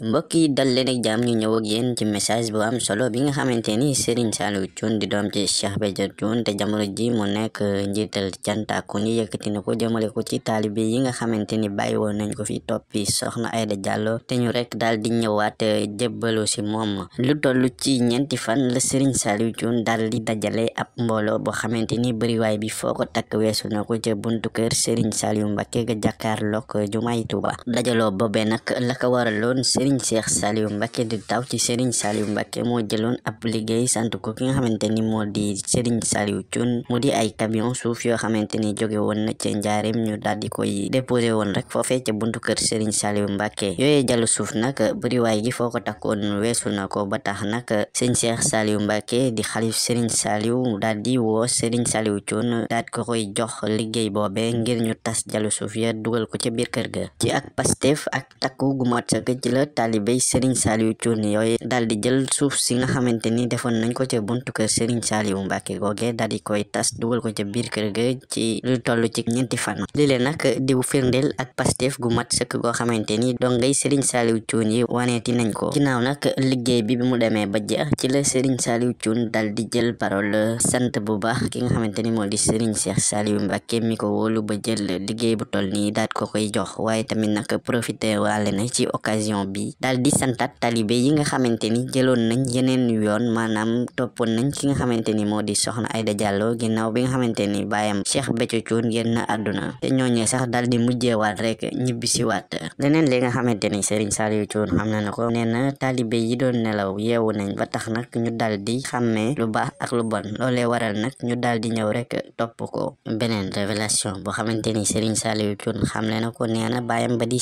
mbokk yi dal leen ak jàmm ñu ñëw ak yéen ci message bu am solo bi nga xamante ni Serigne Saliou Thioune di doom ci Cheikh Béthio Thioune te jamono ji mu nekk njiital Cantakun yi yëkkati na ko jëmale ko ci taalibe yi nga xamante ni bàyyi woon nañ ko fi toppi soxna Aida Diallo te ñu rek daal di ñëwaat eh, jébbalu si moom lu toll ci ti fan la Serigne Saliou Thioune daal di dajale ab mbooloo boo xamante ni bëri bëriwaay bi foo ko takk weesu na ko ca buntu kër Serigne Saliou Mbacké ga jàkkaarloog jumaay Tuuba dajaloo boobee nag la ko waraloon Serigne Serigne Cheikh Saliou Mbacke di taw ci Serigne ko ki nga xamante ni moo di Serigne Saliou Thioune mu di ay camion suuf yoo xamante ni jóge woon na ci njaareem ñu daal di koy déposé woon rek foofee ca buntu kër Serigne Saliou Mbacke yooyee jàllu suuf nag bëriwaay gi foo ko takkoon weesu na ko ba tax nag Serigne Cheikh Saliou Mbacke di xalif Serigne Saliou daal di woo Serigne Saliou Thioune daal ko koy jox liggéey boobee ngir ñu tas jàllu suuf ya dugal ko ca biir kër ga ci ak Pastef ak takku gu mat ci la taalibey Serigne Saliou Thioune yooyu daal di jël suuf si nga xamante ni defoon nañ ko ca buntu kër Serigne Saliou Mbacke googe daal di koy tas dugal ko ca biir kër ga ci lu toll ci ñeenti fan lile nag di firndeel ak pastef gu mat sëkk goo xamante ni dongay Serigne Saliou Thioune yi waneeti nañ ko ginnaaw nag liggéey bi bi mu demee ba jeex ci la Serigne Saliou Thioune daal di jël parole sant bu baax ki nga xamante ni moo di Serigne Cheikh Saliou Mbacke mi ko wóolu ba jël liggéey bu toll nii daal ko koy jox waaye tamit nag profité waale na ci occasion bi yi daal di santat talibe yi nga xamante ni jëloon nañ yeneen yoon maanaam toppoon nañ ki nga xamante ni moo di soxna Aida Diallo ginnaaw bi nga xamante ni baayam Cheikh Béthio Thioune génn na àdduna te ñooñee sax daal di mujjeewaat rek ñibbisiwaat leneen li nga xamante ni Serigne Saliou Thioune xam na ne ko nee na talibe yi doon nelaw yeewu nañ ba tax nag ñu daal di xàmmee lu baax ak lu bon loolee waral nag ñu daal di ñëw rek topp ko beneen révélation boo xamante ni xam na ko nee na baayam ba di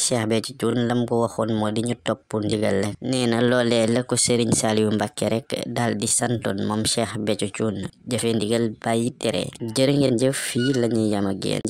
topp ndigal nee na loolee la ko Serigne Saliou Mbacke rek daal di santoon moom Cheikh Béthio Thioune jëfe ndigal bàyyi tere jërë ngeen jëf la ñuy yam ak yéen